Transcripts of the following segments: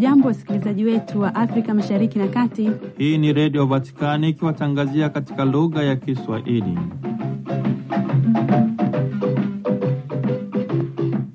Hamjambo, wasikilizaji wetu wa Afrika mashariki na kati. Hii ni Redio Vatikani ikiwatangazia katika lugha ya Kiswahili.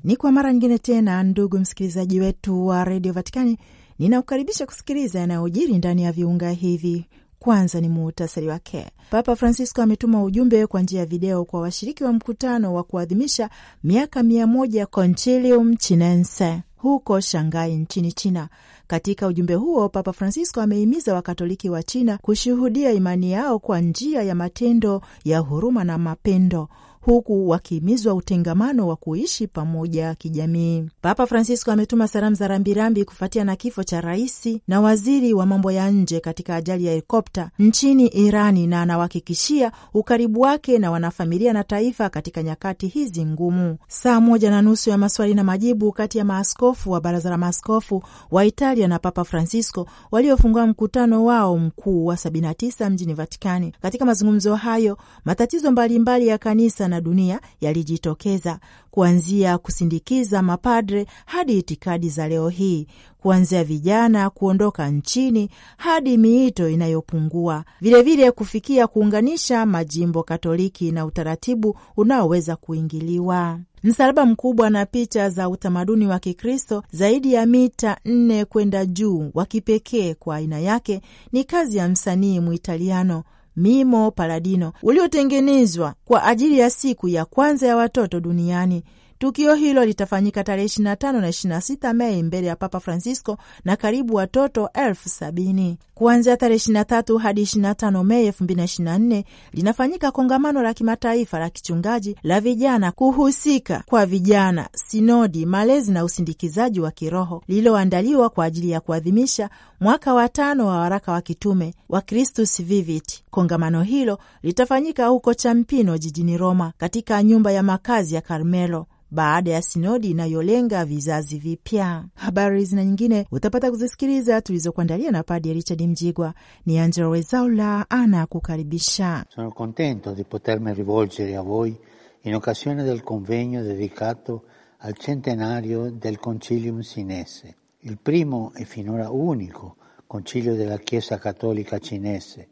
Ni kwa mara nyingine tena, ndugu msikilizaji wetu wa Redio Vatikani, ninakukaribisha kusikiliza yanayojiri ndani ya viunga hivi. Kwanza ni muhutasari wake. Papa Francisco ametuma ujumbe kwa njia ya video kwa washiriki wa mkutano wa kuadhimisha miaka mia moja Concilium Chinense huko Shanghai nchini China. Katika ujumbe huo, Papa Francisco amehimiza Wakatoliki wa China kushuhudia imani yao kwa njia ya matendo ya huruma na mapendo huku wakihimizwa utengamano wa kuishi pamoja kijamii. Papa Francisco ametuma salamu za rambirambi kufuatia na kifo cha rais na waziri wa mambo ya nje katika ajali ya helikopta nchini Irani, na anawahakikishia ukaribu wake na wanafamilia na taifa katika nyakati hizi ngumu. Saa moja na nusu ya maswali na majibu kati ya maaskofu wa baraza la maaskofu wa Italia na Papa Francisco waliofungua mkutano wao mkuu wa 79 mjini Vatikani. Katika mazungumzo hayo matatizo mbalimbali mbali ya kanisa na na dunia yalijitokeza kuanzia kusindikiza mapadre hadi itikadi za leo hii, kuanzia vijana kuondoka nchini hadi miito inayopungua, vilevile vile kufikia kuunganisha majimbo Katoliki na utaratibu unaoweza kuingiliwa. Msalaba mkubwa na picha za utamaduni wa Kikristo zaidi ya mita nne kwenda juu, wa kipekee kwa aina yake, ni kazi ya msanii mwitaliano Mimo Paladino uliotengenezwa kwa ajili ya siku ya kwanza ya watoto duniani Tukio hilo litafanyika tarehe 25 na 26 Mei mbele ya Papa Francisco na karibu watoto elfu sabini. Kuanzia tarehe 23 hadi 25 Mei 2024 linafanyika kongamano la kimataifa la kichungaji la vijana kuhusika kwa vijana, sinodi, malezi na usindikizaji wa kiroho lililoandaliwa kwa ajili ya kuadhimisha mwaka wa tano wa waraka wa kitume wa Christus Vivit. Kongamano hilo litafanyika huko Champino jijini Roma katika nyumba ya makazi ya Carmelo. baada ya sinodi inayolenga vizazi vipya. Habari hizi nyingine utapata kuzisikiliza tulizokuandalia na Padre Richard Mjigwa. Ni Angelo Wezaula anakukaribisha. Sono contento di potermi rivolgere a voi in occasione del convegno dedicato al centenario del Concilium Sinese, il primo e finora unico concilio della Chiesa Cattolica Cinese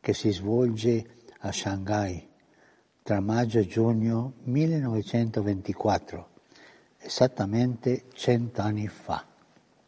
che si svolge a Shanghai tra maggio e giugno 1924, esattamente cent'anni fa.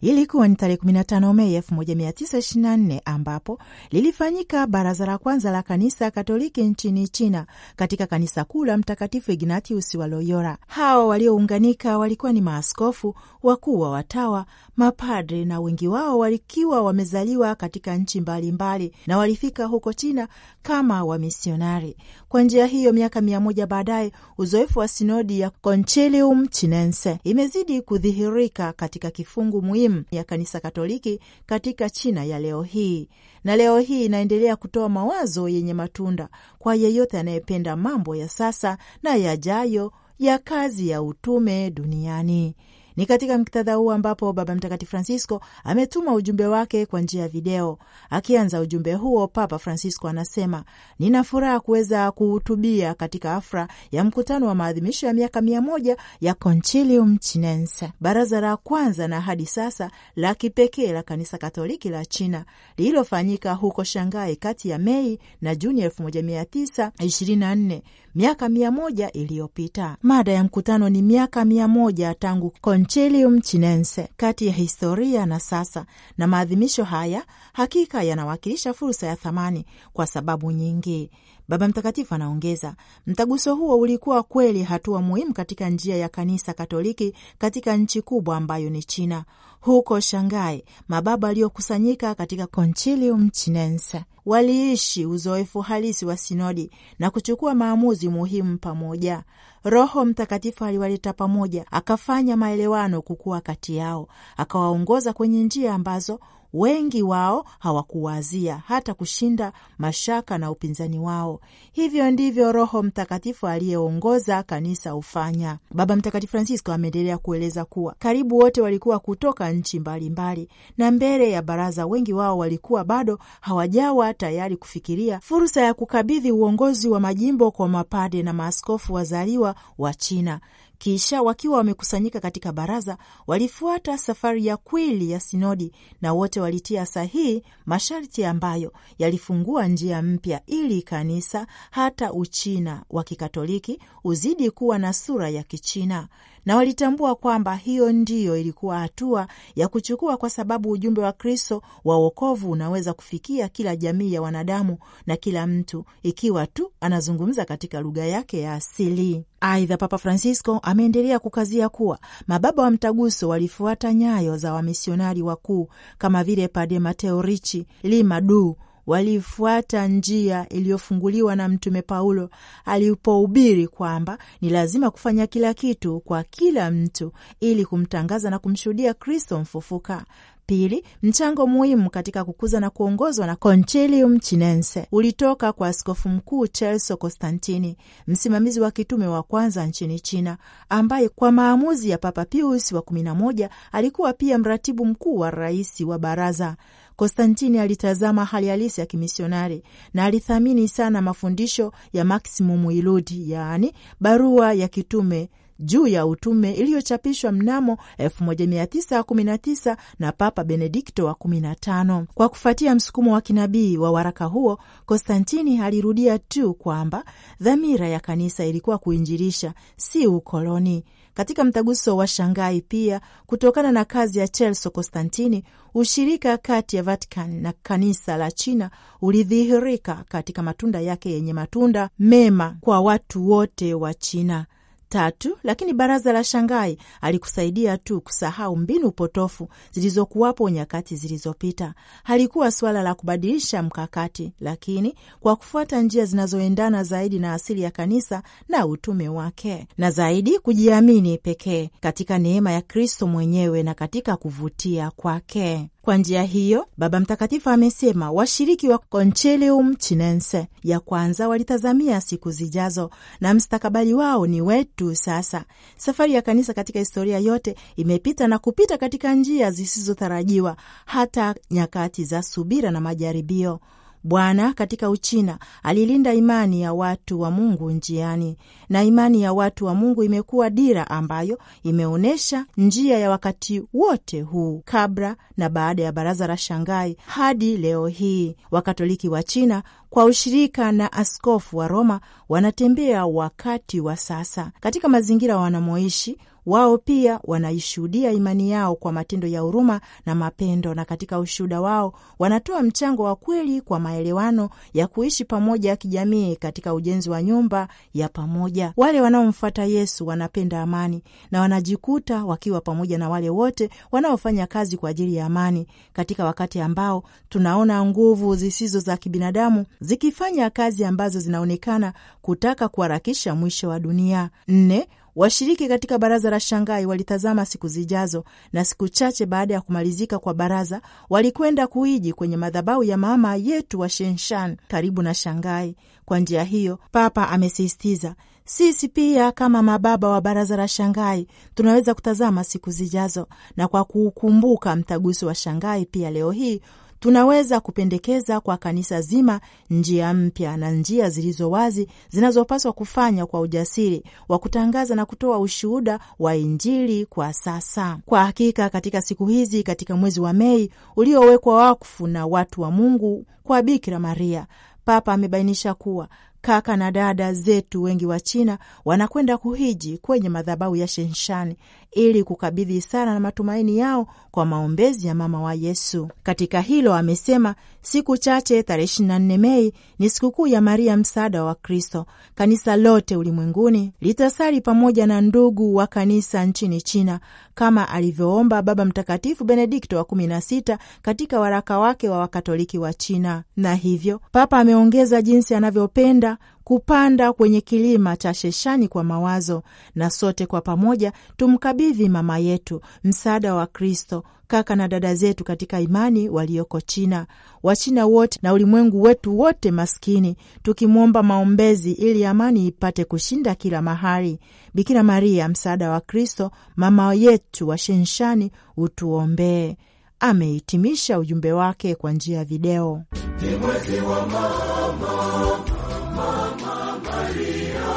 Ilikuwa ni tarehe 15 Mei 1924 ambapo lilifanyika baraza la kwanza la kanisa Katoliki nchini China katika kanisa kuu la Mtakatifu Ignatius wa Loyola. Hao waliounganika walikuwa ni maaskofu wakuu wa watawa, mapadre na wengi wao walikiwa wamezaliwa katika nchi mbalimbali mbali, na walifika huko China kama wamisionari. Kwa njia hiyo, miaka mia moja baadaye, uzoefu wa sinodi ya Concilium Chinense imezidi kudhihirika katika kifungu muhimu ya kanisa Katoliki katika China ya leo hii, na leo hii inaendelea kutoa mawazo yenye matunda kwa yeyote anayependa mambo ya sasa na yajayo ya kazi ya utume duniani. Ni katika muktadha huu ambapo Baba Mtakatifu Francisco ametuma ujumbe wake kwa njia ya video. Akianza ujumbe huo, Papa Francisco anasema, nina furaha kuweza kuhutubia katika afra ya mkutano wa maadhimisho ya miaka mia moja ya Concilium Chinense, baraza la kwanza na hadi sasa la kipekee la Kanisa Katoliki la China lililofanyika huko Shangai kati ya Mei na Juni 1924 miaka mia moja iliyopita. Mada ya mkutano ni miaka mia moja tangu Concilium Chinense, kati ya historia na sasa, na maadhimisho haya hakika yanawakilisha fursa ya thamani kwa sababu nyingi. Baba Mtakatifu anaongeza, mtaguso huo ulikuwa kweli hatua muhimu katika njia ya kanisa Katoliki katika nchi kubwa ambayo ni China. Huko Shangai, mababa waliokusanyika katika Concilium Chinense waliishi uzoefu halisi wa sinodi na kuchukua maamuzi muhimu pamoja. Roho Mtakatifu aliwaleta pamoja, akafanya maelewano kukuwa kati yao, akawaongoza kwenye njia ambazo Wengi wao hawakuwazia hata kushinda mashaka na upinzani wao. Hivyo ndivyo Roho Mtakatifu aliyeongoza kanisa ufanya Baba Mtakatifu Francisco ameendelea kueleza kuwa karibu wote walikuwa kutoka nchi mbalimbali, na mbele ya baraza wengi wao walikuwa bado hawajawa tayari kufikiria fursa ya kukabidhi uongozi wa majimbo kwa mapade na maaskofu wazaliwa wa China. Kisha wakiwa wamekusanyika katika baraza, walifuata safari ya kweli ya sinodi, na wote walitia sahihi masharti ambayo yalifungua njia mpya ili kanisa, hata Uchina wa Kikatoliki, uzidi kuwa na sura ya Kichina, na walitambua kwamba hiyo ndiyo ilikuwa hatua ya kuchukua, kwa sababu ujumbe wa Kristo wa wokovu unaweza kufikia kila jamii ya wanadamu na kila mtu, ikiwa tu anazungumza katika lugha yake ya asili. Aidha, Papa Francisco ameendelea kukazia kuwa mababa wa mtaguso walifuata nyayo za wamisionari wakuu kama vile Padre Mateo Ricci Lima Du walifuata njia iliyofunguliwa na Mtume Paulo alipohubiri kwamba ni lazima kufanya kila kitu kwa kila mtu ili kumtangaza na kumshuhudia Kristo mfufuka pili, mchango muhimu katika kukuza na kuongozwa na Concilium Chinense ulitoka kwa askofu mkuu chelso Costantini, msimamizi wa kitume wa kwanza nchini China, ambaye kwa maamuzi ya Papa Pius wa 11 alikuwa pia mratibu mkuu wa rais wa baraza. Konstantini alitazama hali halisi ya kimisionari na alithamini sana mafundisho ya maximum Iludi, yaani barua ya kitume juu ya utume iliyochapishwa mnamo 1919 na Papa Benedikto wa 15. Kwa kufuatia msukumo wa kinabii wa waraka huo, Konstantini alirudia tu kwamba dhamira ya kanisa ilikuwa kuinjilisha, si ukoloni. Katika mtaguso wa Shangai pia, kutokana na kazi ya Chelso Konstantini, ushirika kati ya Vatican na kanisa la China ulidhihirika katika matunda yake yenye matunda mema kwa watu wote wa China. Tatu, lakini baraza la shangai alikusaidia tu kusahau mbinu potofu zilizokuwapo nyakati zilizopita. Halikuwa suala la kubadilisha mkakati, lakini kwa kufuata njia zinazoendana zaidi na asili ya kanisa na utume wake, na zaidi kujiamini pekee katika neema ya Kristo mwenyewe na katika kuvutia kwake. Kwa njia hiyo, Baba Mtakatifu amesema washiriki wa concelium Chinense ya kwanza walitazamia siku zijazo na mstakabali wao ni wetu sasa. Safari ya kanisa katika historia yote imepita na kupita katika njia zisizotarajiwa, hata nyakati za subira na majaribio. Bwana katika Uchina alilinda imani ya watu wa Mungu njiani, na imani ya watu wa Mungu imekuwa dira ambayo imeonyesha njia ya wakati wote huu, kabla na baada ya Baraza la shangai hadi leo hii. Wakatoliki wa China kwa ushirika na askofu wa Roma wanatembea wakati wa sasa katika mazingira wanamoishi wao pia wanaishuhudia imani yao kwa matendo ya huruma na mapendo, na katika ushuhuda wao wanatoa mchango wa kweli kwa maelewano ya kuishi pamoja kijamii katika ujenzi wa nyumba ya pamoja. Wale wanaomfuata Yesu wanapenda amani na wanajikuta wakiwa pamoja na wale wote wanaofanya kazi kwa ajili ya amani, katika wakati ambao tunaona nguvu zisizo za kibinadamu zikifanya kazi ambazo zinaonekana kutaka kuharakisha mwisho wa dunia. Nne, washiriki katika baraza la Shangai walitazama siku zijazo, na siku chache baada ya kumalizika kwa baraza walikwenda kuiji kwenye madhabahu ya mama yetu wa Shenshan karibu na Shangai. Kwa njia hiyo, Papa amesisitiza sisi pia kama mababa wa baraza la Shangai tunaweza kutazama siku zijazo, na kwa kuukumbuka mtaguso wa Shangai pia leo hii tunaweza kupendekeza kwa kanisa zima njia mpya na njia zilizo wazi zinazopaswa kufanya kwa ujasiri wa kutangaza na kutoa ushuhuda wa Injili kwa sasa. Kwa hakika, katika siku hizi, katika mwezi wa Mei uliowekwa wakfu na watu wa Mungu kwa Bikira Maria, Papa amebainisha kuwa kaka na dada zetu wengi wa China wanakwenda kuhiji kwenye madhabahu ya Shenshani ili kukabidhi isara na matumaini yao kwa maombezi ya mama wa Yesu. Katika hilo amesema, siku chache tarehe 24 Mei ni sikukuu ya Maria msaada wa Kristo. Kanisa lote ulimwenguni litasali pamoja na ndugu wa kanisa nchini China kama alivyoomba Baba Mtakatifu Benedikto wa 16 katika waraka wake wa Wakatoliki wa China, na hivyo Papa ameongeza jinsi anavyopenda kupanda kwenye kilima cha Sheshani kwa mawazo, na sote kwa pamoja tumkabidhi mama yetu msaada wa Kristo, kaka na dada zetu katika imani walioko China, Wachina wote na ulimwengu wetu wote maskini, tukimwomba maombezi ili amani ipate kushinda kila mahali. Bikira Maria, msaada wa Kristo, mama yetu wa Sheshani, utuombee. Amehitimisha ujumbe wake kwa njia ya video. Ni mwezi wa mama Mama Maria,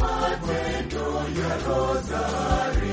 matendo ya rozari.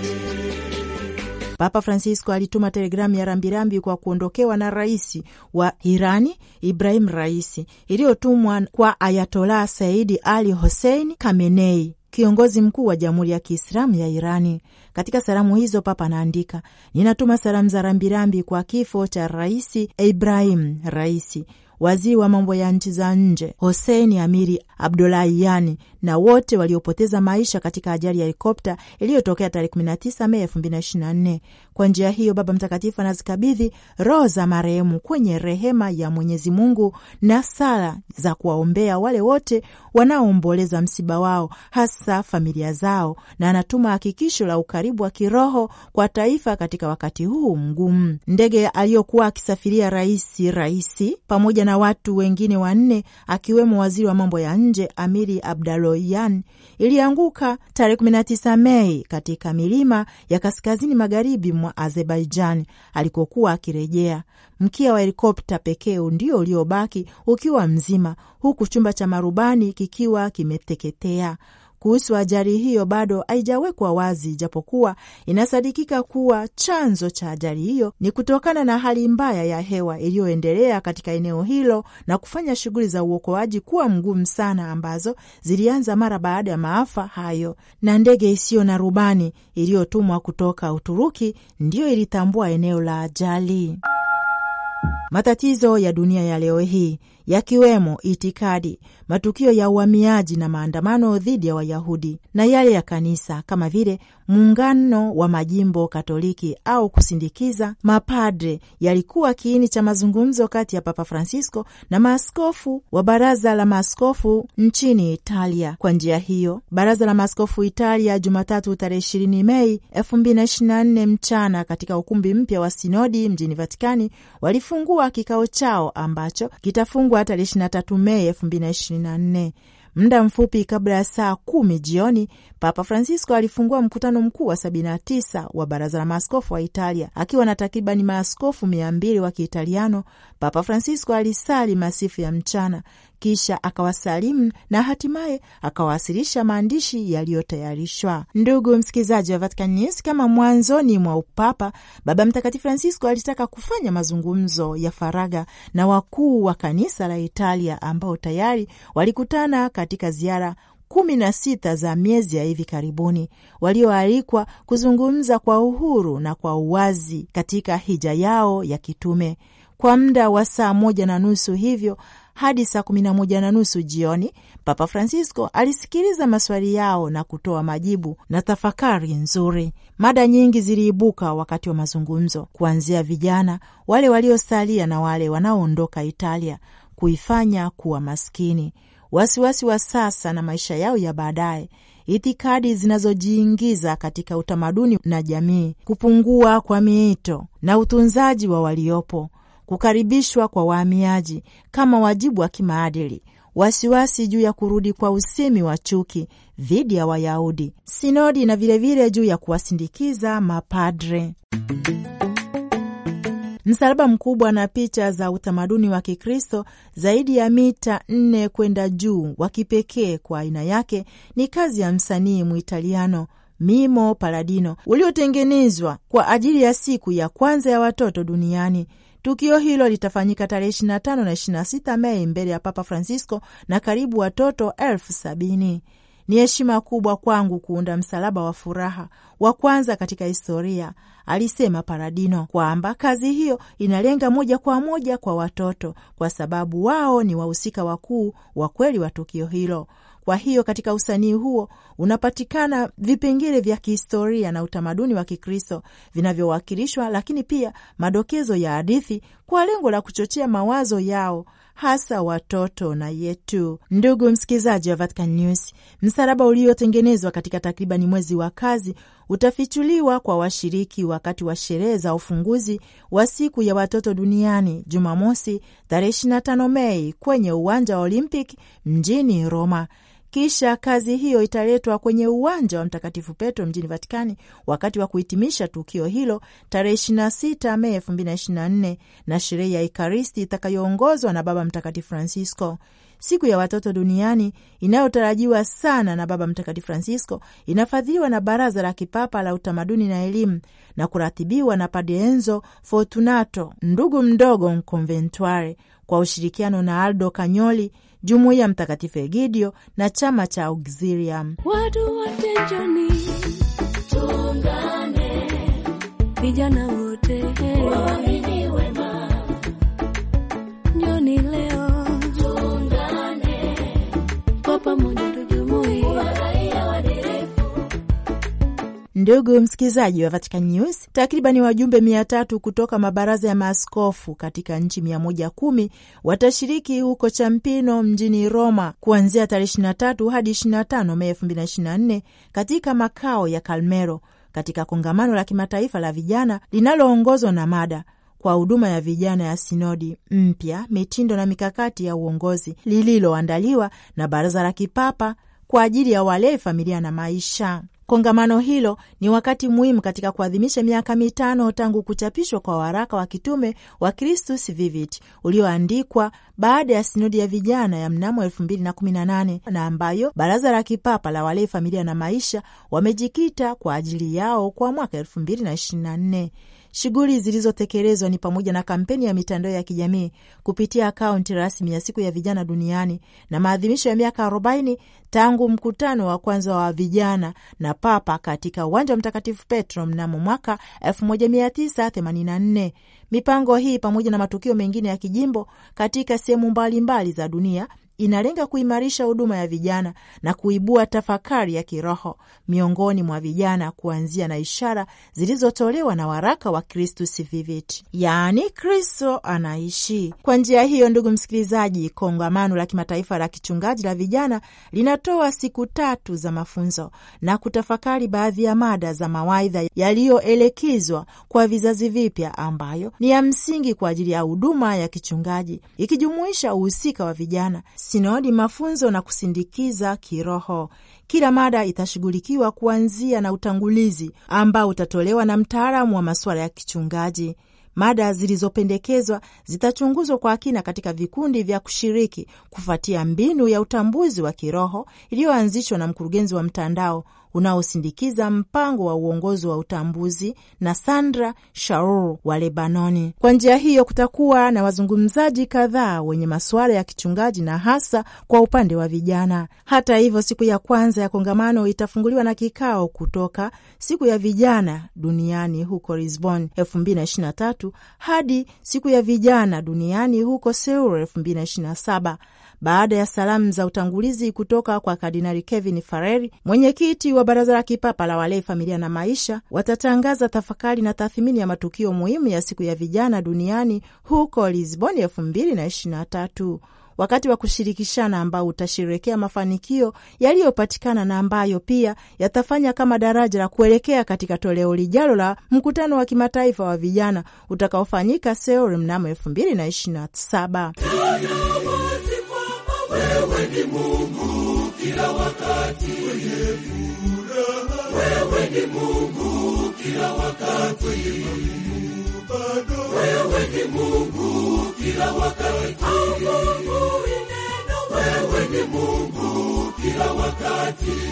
Papa Francisco alituma telegramu ya rambirambi kwa kuondokewa na rais wa Irani Ibrahim Raisi, iliyotumwa kwa Ayatolah Saidi Ali Hossein kamenei kiongozi mkuu wa Jamhuri ya Kiislamu ya Irani. Katika salamu hizo Papa anaandika: ninatuma salamu za rambirambi kwa kifo cha Raisi Ibrahim Raisi, waziri wa mambo ya nchi za nje Hoseni Amiri Abdollahian na wote waliopoteza maisha katika ajali ya helikopta iliyotokea tarehe 19 Mei 2024. Kwa njia hiyo, Baba Mtakatifu anazikabidhi roho za marehemu kwenye rehema ya Mwenyezi Mungu na sala za kuwaombea wale wote wanaoomboleza msiba wao, hasa familia zao, na anatuma hakikisho la ukaribu wa kiroho kwa taifa katika wakati huu mgumu. Ndege aliyokuwa akisafiria raisi raisi pamoja na watu wengine wanne, akiwemo waziri wa mambo ya nje Amiri Abdalo Loyan ilianguka tarehe 19 Mei katika milima ya kaskazini magharibi mwa Azerbaijan alikokuwa akirejea. Mkia wa helikopta pekee ndio uliobaki ukiwa mzima, huku chumba cha marubani kikiwa kimeteketea kuhusu ajali hiyo bado haijawekwa wazi, japokuwa inasadikika kuwa chanzo cha ajali hiyo ni kutokana na hali mbaya ya hewa iliyoendelea katika eneo hilo na kufanya shughuli za uokoaji kuwa mgumu sana, ambazo zilianza mara baada ya maafa hayo, na ndege isiyo na rubani iliyotumwa kutoka Uturuki ndiyo ilitambua eneo la ajali. Matatizo ya dunia ya leo hii yakiwemo itikadi, matukio ya uhamiaji na maandamano dhidi ya Wayahudi na yale ya kanisa kama vile muungano wa majimbo Katoliki au kusindikiza mapadre yalikuwa kiini cha mazungumzo kati ya Papa Francisco na maaskofu wa Baraza la Maaskofu nchini Italia. Kwa njia hiyo, Baraza la Maaskofu Italia Jumatatu tarehe ishirini Mei nne mchana katika ukumbi mpya wa sinodi mjini Vatikani walifungua kikao chao ambacho kitafungwa ilipigwa tarehe 23 Mei 2024. Muda mfupi kabla ya saa kumi jioni Papa Francisco alifungua mkutano mkuu wa 79 wa baraza la maaskofu wa Italia akiwa na takribani maaskofu mia mbili wa Kiitaliano. Papa Francisco alisali masifu ya mchana kisha akawasalimu na hatimaye akawasilisha maandishi yaliyotayarishwa. Ndugu msikilizaji wa Vatican News, kama mwanzoni mwa upapa, Baba Mtakatifu Francisco alitaka kufanya mazungumzo ya faraga na wakuu wa kanisa la Italia ambao tayari walikutana katika ziara kumi na sita za miezi ya hivi karibuni, walioalikwa kuzungumza kwa uhuru na kwa uwazi katika hija yao ya kitume kwa muda wa saa moja na nusu hivyo hadi saa kumi na moja na nusu jioni, Papa Francisco alisikiliza maswali yao na kutoa majibu na tafakari nzuri. Mada nyingi ziliibuka wakati wa mazungumzo, kuanzia vijana, wale waliosalia na wale wanaoondoka Italia, kuifanya kuwa maskini, wasiwasi wa sasa na maisha yao ya baadaye itikadi zinazojiingiza katika utamaduni na jamii, kupungua kwa miito na utunzaji wa waliopo, kukaribishwa kwa wahamiaji kama wajibu wa kimaadili, wasiwasi juu ya kurudi kwa usemi wa chuki dhidi ya Wayahudi, sinodi na vilevile juu ya kuwasindikiza mapadre. Msalaba mkubwa na picha za utamaduni wa Kikristo zaidi ya mita nne kwenda juu, wa kipekee kwa aina yake, ni kazi ya msanii Muitaliano Mimo Paladino uliotengenezwa kwa ajili ya siku ya kwanza ya watoto duniani Tukio hilo litafanyika tarehe 25 na 26 Mei mbele ya Papa Francisco na karibu watoto elfu sabini. Ni heshima kubwa kwangu kuunda msalaba wa furaha wa kwanza katika historia, alisema Paradino, kwamba kazi hiyo inalenga moja kwa moja kwa watoto, kwa sababu wao ni wahusika wakuu wa kweli wa tukio hilo. Kwa hiyo katika usanii huo unapatikana vipengele vya kihistoria na utamaduni wa Kikristo vinavyowakilishwa, lakini pia madokezo ya hadithi kwa lengo la kuchochea mawazo yao hasa watoto na yetu. Ndugu msikilizaji wa Vatican News, msalaba uliotengenezwa katika takribani mwezi wa kazi utafichuliwa kwa washiriki wakati wa sherehe za ufunguzi wa siku ya watoto duniani Jumamosi tarehe 25 Mei kwenye uwanja wa Olympic mjini Roma. Kisha kazi hiyo italetwa kwenye uwanja wa Mtakatifu Petro mjini Vatikani wakati wa kuhitimisha tukio hilo tarehe 26 Mei 2024 na sherehe ya Ekaristi itakayoongozwa na Baba Mtakatifu Francisco. Siku ya watoto duniani inayotarajiwa sana na Baba Mtakatifu Francisco inafadhiliwa na Baraza la Kipapa la Utamaduni na Elimu na kuratibiwa na Padre Enzo Fortunato, ndugu mdogo mconventuare kwa ushirikiano na Aldo Kanyoli, jumuiya Mtakatifu Egidio na chama cha Auxilium. Watu wote njoni, tuungane, vijana wote waamini wema, njoni leo tuungane kwa pamoja. Ndugu msikilizaji wa Vatican News, takribani wajumbe mia tatu kutoka mabaraza ya maaskofu katika nchi mia moja kumi watashiriki huko Champino mjini Roma kuanzia tarehe tatu hadi tano Mei nne katika makao ya Kalmero katika kongamano la kimataifa la vijana linaloongozwa na mada kwa huduma ya vijana ya sinodi mpya mitindo na mikakati ya uongozi lililoandaliwa na Baraza la Kipapa kwa ajili ya wale familia na maisha. Kongamano hilo ni wakati muhimu katika kuadhimisha miaka mitano tangu kuchapishwa kwa waraka wa kitume wa Christus Vivit ulioandikwa baada ya sinodi ya vijana ya mnamo 2018 na ambayo Baraza la Kipapa la Walei, Familia na Maisha wamejikita kwa ajili yao kwa mwaka 2024. Shughuli zilizotekelezwa ni pamoja na kampeni ya mitandao ya kijamii kupitia akaunti rasmi ya siku ya vijana duniani na maadhimisho ya miaka arobaini tangu mkutano wa kwanza wa vijana na Papa katika uwanja wa Mtakatifu Petro mnamo mwaka 1984. Mipango hii pamoja na matukio mengine ya kijimbo katika sehemu mbalimbali za dunia inalenga kuimarisha huduma ya vijana na kuibua tafakari ya kiroho miongoni mwa vijana kuanzia na ishara zilizotolewa na waraka wa kristu Vivit, yaani Kristo anaishi. Kwa njia hiyo, ndugu msikilizaji, kongamano la kimataifa la kichungaji la vijana linatoa siku tatu za mafunzo na kutafakari baadhi ya mada za mawaidha yaliyoelekezwa kwa vizazi vipya ambayo ni ya msingi kwa ajili ya huduma ya kichungaji ikijumuisha uhusika wa vijana sinodi mafunzo na kusindikiza kiroho. Kila mada itashughulikiwa kuanzia na utangulizi ambao utatolewa na mtaalamu wa masuala ya kichungaji. Mada zilizopendekezwa zitachunguzwa kwa kina katika vikundi vya kushiriki kufuatia mbinu ya utambuzi wa kiroho iliyoanzishwa na mkurugenzi wa mtandao unaosindikiza mpango wa uongozi wa utambuzi na Sandra Shaur wa Lebanoni. Kwa njia hiyo, kutakuwa na wazungumzaji kadhaa wenye masuala ya kichungaji na hasa kwa upande wa vijana. Hata hivyo, siku ya kwanza ya kongamano itafunguliwa na kikao kutoka siku ya vijana duniani huko Lisbon 2023 hadi siku ya vijana duniani huko seur 2027 baada ya salamu za utangulizi kutoka kwa Kardinali Kevin fareri mwenyekiti wa Baraza la Kipapa la Walei, Familia na Maisha, watatangaza tafakari na tathmini ya matukio muhimu ya siku ya vijana duniani huko Lisboni elfu mbili na ishirini na tatu wakati wa kushirikishana ambao utasherekea mafanikio yaliyopatikana na ambayo pia yatafanya kama daraja la kuelekea katika toleo lijalo la mkutano wa kimataifa wa vijana utakaofanyika Seoul mnamo elfu mbili na ishirini na saba. Wewe ni Mungu kila wakati wenye furaha. Wewe ni Mungu kila wakati wewe ni Mungu kila wakati. Wewe ni Mungu kila wakati.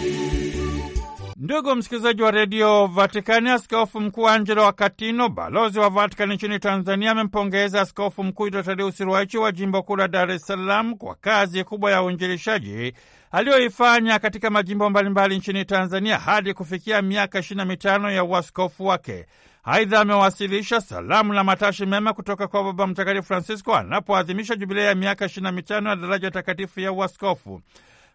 Ndugu msikilizaji wa redio Vatikani, askofu mkuu Angelo Wakatino, balozi wa Vatikani nchini Tanzania, amempongeza askofu mkuu Idotadeus Ruwa'ichi wa jimbo kuu la Dar es Salaam kwa kazi kubwa ya uinjilishaji aliyoifanya katika majimbo mbalimbali nchini Tanzania hadi kufikia miaka ishirini na mitano ya uaskofu wake. Aidha, amewasilisha salamu na matashi mema kutoka kwa Baba Mtakatifu Francisco anapoadhimisha jubilei ya miaka ishirini na mitano ya daraja takatifu ya uaskofu.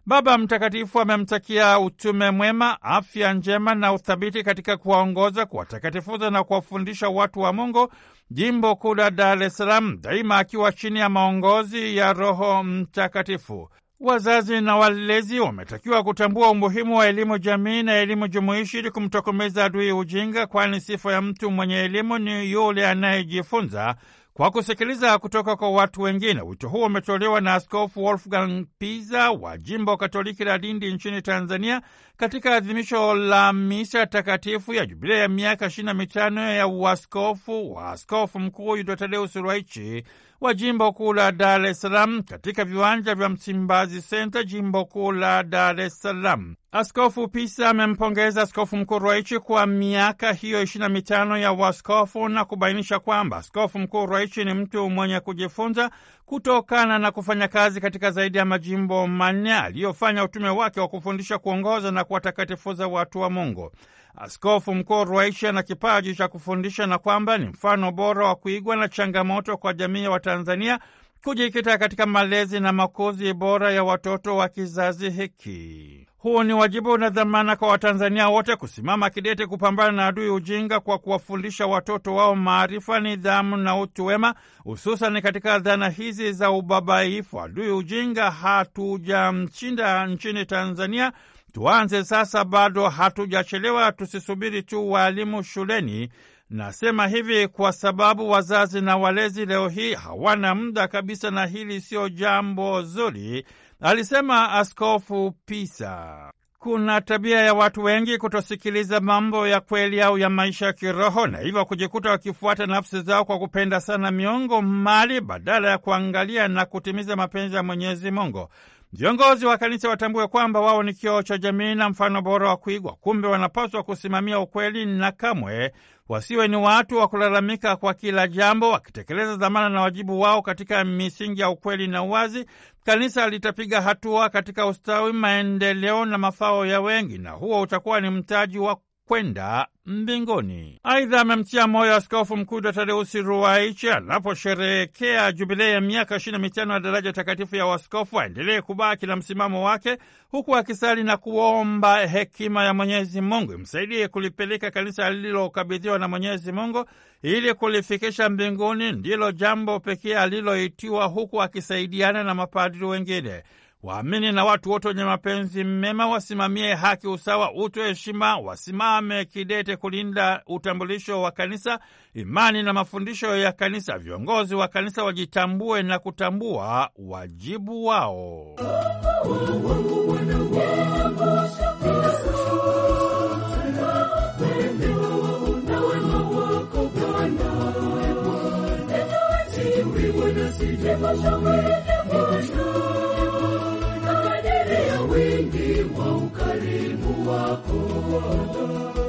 Baba Mtakatifu amemtakia utume mwema, afya njema na uthabiti katika kuwaongoza, kuwatakatifuza na kuwafundisha watu wa Mungu, jimbo kuu la Dar es Salaam, daima akiwa chini ya maongozi ya Roho Mtakatifu. Wazazi na walezi wametakiwa kutambua umuhimu wa elimu jamii na elimu jumuishi ili kumtokomeza adui ujinga, kwani sifa ya mtu mwenye elimu ni yule anayejifunza kwa kusikiliza kutoka kwa watu wengine. Wito huo umetolewa na Askofu Wolfgang Pisa wa jimbo Katoliki la Lindi nchini Tanzania, katika adhimisho la misa takatifu ya jubilia ya miaka 25 ya uaskofu wa askofu mkuu Yudotadeus Tadeusi Ruwaichi wa jimbo kuu la Dar es Salaam katika viwanja vya Msimbazi Senta, jimbo kuu la Dar es Salaam. Askofu Pisa amempongeza askofu mkuu Rwaichi kwa miaka hiyo ishirini na mitano ya waskofu na kubainisha kwamba askofu mkuu Rwaichi ni mtu mwenye kujifunza kutokana na kufanya kazi katika zaidi ya majimbo manne aliyofanya utume wake wa kufundisha, kuongoza na kuwatakatifuza watu wa Mungu. Askofu mkuu Rwaisha na kipaji cha kufundisha na kwamba ni mfano bora wa kuigwa na changamoto kwa jamii ya Watanzania kujikita katika malezi na makuzi bora ya watoto wa kizazi hiki. Huu ni wajibu na dhamana kwa Watanzania wote kusimama kidete kupambana na adui ujinga kwa kuwafundisha watoto wao maarifa, nidhamu na utu wema, hususani katika dhana hizi za ubabaifu. Adui ujinga hatujamchinda nchini Tanzania, Tuanze sasa, bado hatujachelewa. Tusisubiri tu waalimu shuleni. Nasema hivi kwa sababu wazazi na walezi leo hii hawana muda kabisa, na hili siyo jambo zuri, alisema Askofu Pisa. Kuna tabia ya watu wengi kutosikiliza mambo ya kweli au ya maisha ya kiroho, na hivyo kujikuta wakifuata nafsi zao kwa kupenda sana miongo mali badala ya kuangalia na kutimiza mapenzi ya Mwenyezi Mungu. Viongozi wa kanisa watambue kwamba wao ni kioo cha jamii na mfano bora wa kuigwa. Kumbe wanapaswa kusimamia ukweli na kamwe wasiwe ni watu wa kulalamika kwa kila jambo, wakitekeleza dhamana na wajibu wao katika misingi ya ukweli na uwazi. Kanisa litapiga hatua katika ustawi, maendeleo na mafao ya wengi, na huo utakuwa ni mtaji wa kwenda mbinguni. Aidha, amemtia moyo Askofu Mkuu Dr. Tadeusi Ruwaichi anaposherehekea jubilei ya miaka ishirini na mitano ya daraja takatifu ya waskofu aendelee kubaki na msimamo wake, huku akisali na kuomba hekima ya Mwenyezi Mungu imsaidie kulipeleka kanisa alilokabidhiwa na Mwenyezi Mungu ili kulifikisha mbinguni. Ndilo jambo pekee aliloitiwa, huku akisaidiana na mapadri wengine. Waamini na watu wote wenye mapenzi mema wasimamie haki, usawa, utu, heshima, wasimame kidete kulinda utambulisho wa kanisa, imani na mafundisho ya kanisa. Viongozi wa kanisa wajitambue na kutambua wajibu wao.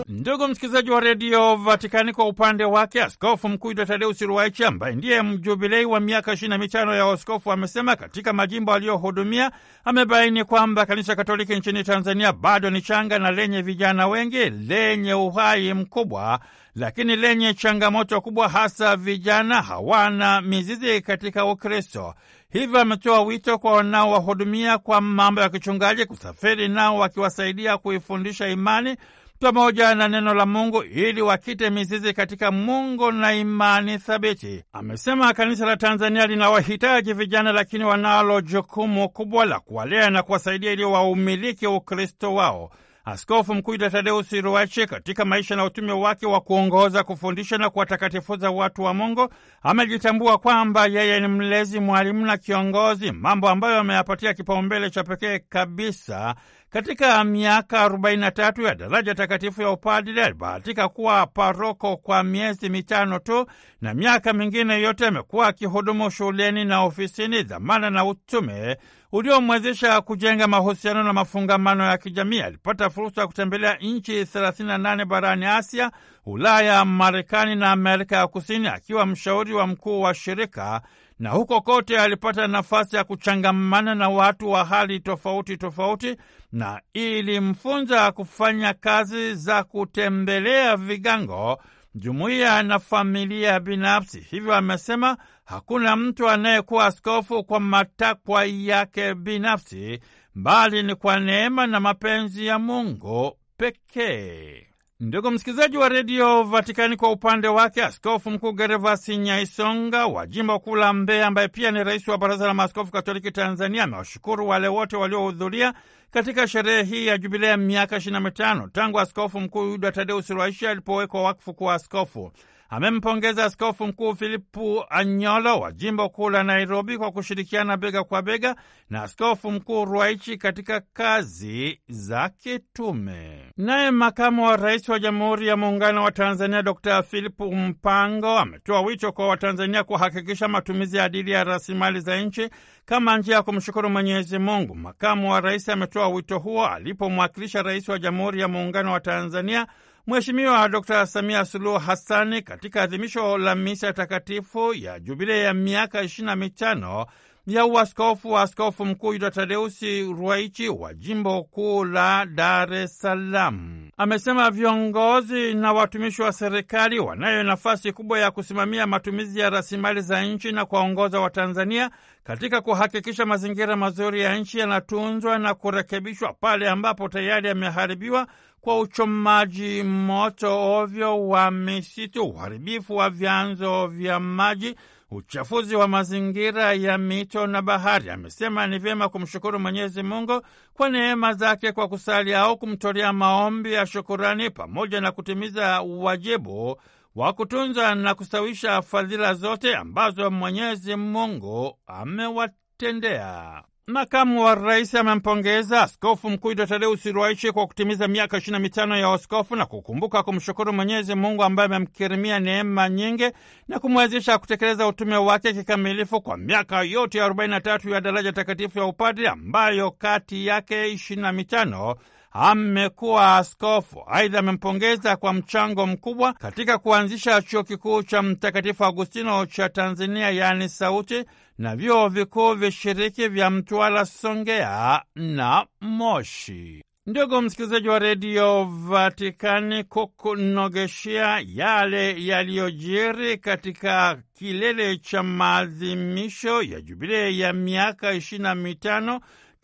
Ndugu msikilizaji wa redio Vatikani, kwa upande wake askofu mkuu Yuda Tadeusi Ruwaichi, ambaye ndiye mjubilei wa miaka ishirini na mitano ya uaskofu, amesema katika majimbo aliyohudumia amebaini kwamba kanisa Katoliki nchini Tanzania bado ni changa na lenye vijana wengi, lenye uhai mkubwa, lakini lenye changamoto kubwa, hasa vijana hawana mizizi katika Ukristo. Hivyo ametoa wito kwa wanaowahudumia kwa mambo ya kichungaji kusafiri nao wakiwasaidia kuifundisha imani pamoja na neno la Mungu ili wakite mizizi katika Mungu na imani thabiti. Amesema kanisa la Tanzania linawahitaji vijana, lakini wanalo jukumu kubwa la kuwalea na kuwasaidia ili waumiliki Ukristo wao. Askofu Mkuu Tadeusi Ruwache katika maisha na utume wake wa kuongoza, kufundisha na kuwatakatifuza watu wa Mungu amejitambua kwamba yeye ni mlezi, mwalimu na kiongozi, mambo ambayo ameyapatia kipaumbele cha pekee kabisa katika miaka 43 ya daraja takatifu ya upadili alibahatika kuwa paroko kwa miezi mitano tu, na miaka mingine yote amekuwa akihudumu shuleni na ofisini, dhamana na utume uliomwezesha kujenga mahusiano na mafungamano ya kijamii. Alipata fursa ya kutembelea nchi 38 barani Asia, Ulaya, Marekani na Amerika ya Kusini akiwa mshauri wa mkuu wa shirika na huko kote alipata nafasi ya kuchangamana na watu wa hali tofauti tofauti na ilimfunza kufanya kazi za kutembelea vigango, jumuiya na familia binafsi. Hivyo amesema hakuna mtu anayekuwa askofu kwa matakwa yake binafsi, bali ni kwa neema na mapenzi ya Mungu pekee. Ndugu msikilizaji wa redio Vatikani, kwa upande wake askofu mkuu gerevasi Nyaisonga wa jimbo kuu la Mbeya, ambaye pia ni rais wa baraza la maaskofu katoliki Tanzania, amewashukuru wale wote waliohudhuria katika sherehe hii ya jubilea miaka 25 tangu askofu mkuu Yuda Tadeus Ruwa'ishi alipowekwa wakfu kuwa askofu amempongeza Askofu Mkuu Filipu Anyolo wa jimbo kuu la Nairobi kwa kushirikiana bega kwa bega na Askofu Mkuu rwaichi katika kazi za kitume. Naye makamu wa rais wa Jamhuri ya Muungano wa Tanzania Dr Filipu Mpango ametoa wito kwa Watanzania kuhakikisha matumizi ya adili ya rasilimali za nchi kama njia ya kumshukuru Mwenyezi Mungu. Makamu wa rais ametoa wito huo alipomwakilisha rais wa Jamhuri ya Muungano wa Tanzania Mheshimiwa Dr. Samia Suluhu Hassani katika adhimisho la misa takatifu ya Jubile ya miaka ishirini na mitano ya uaskofu wa askofu mkuu Yuda Tadeusi Ruwaichi wa jimbo kuu la Dar es Salaam. Amesema viongozi na watumishi wa serikali wanayo nafasi kubwa ya kusimamia matumizi ya rasilimali za nchi na kuwaongoza Watanzania katika kuhakikisha mazingira mazuri ya nchi yanatunzwa na kurekebishwa pale ambapo tayari yameharibiwa kwa uchomaji moto ovyo wa misitu, uharibifu wa vyanzo vya maji, uchafuzi wa mazingira ya mito na bahari. Amesema ni vyema kumshukuru Mwenyezi Mungu kwa neema zake kwa kusali au kumtolea maombi ya shukurani pamoja na kutimiza wajibu wa kutunza na kustawisha fadhila zote ambazo Mwenyezi Mungu amewatendea. Makamu wa rais amempongeza askofu mkuu Idotadeus Ruwaichi kwa kutimiza miaka ishirini na mitano ya askofu na kukumbuka kumshukuru Mwenyezi Mungu ambaye amemkirimia neema nyingi na kumwezesha kutekeleza utume wake kikamilifu kwa miaka yote ya arobaini na tatu ya daraja takatifu ya upadri ambayo kati yake ishirini na mitano amekuwa askofu. Aidha, amempongeza kwa mchango mkubwa katika kuanzisha chuo kikuu cha Mtakatifu Agustino cha Tanzania, yaani SAUTI, na vyuo vikuu vishiriki vya Mtwara, Songea na Moshi. Ndugu msikilizaji wa redio Vatikani, kukunogeshia yale yaliyojiri katika kilele cha maadhimisho ya jubilei ya miaka ishirini na mitano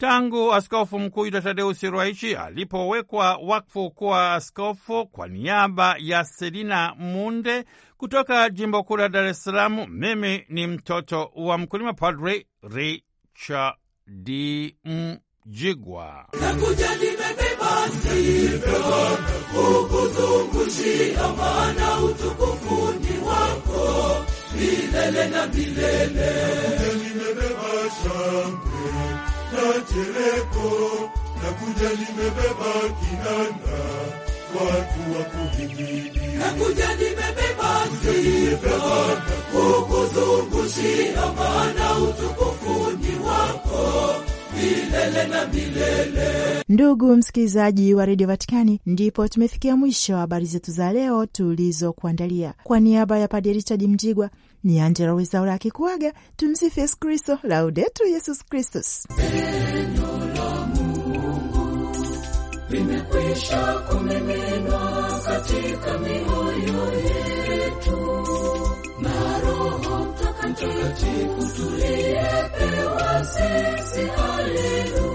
tangu Askofu Mkuu Yuda Tadeusi Ruwaichi alipowekwa wakfu kuwa askofu kwa niaba ya Selina Munde kutoka jimbo kuu la Dar es Salaam. Mimi ni mtoto wa mkulima, Padri Richard Mjigwa. Nakuja wako milele na milele. Kereko na kuja nimebeba kinanda, watu wa kuhimidi, na kuja nimebeba sifa kukuzungushia, maana utukufu ni wako milele na milele. Ndugu msikilizaji wa redio Vatikani, ndipo tumefikia mwisho wa habari zetu za leo tulizokuandalia. Kwa niaba ya Padre Richard Mjigwa ni Angela Wezaura akikuaga. Tumsifu Yesu Kristo, Laudetur Yesus Kristus. limekwisha kumiminwa katika mioyo mtakatifu tuliyepewa sisi. Haleluya.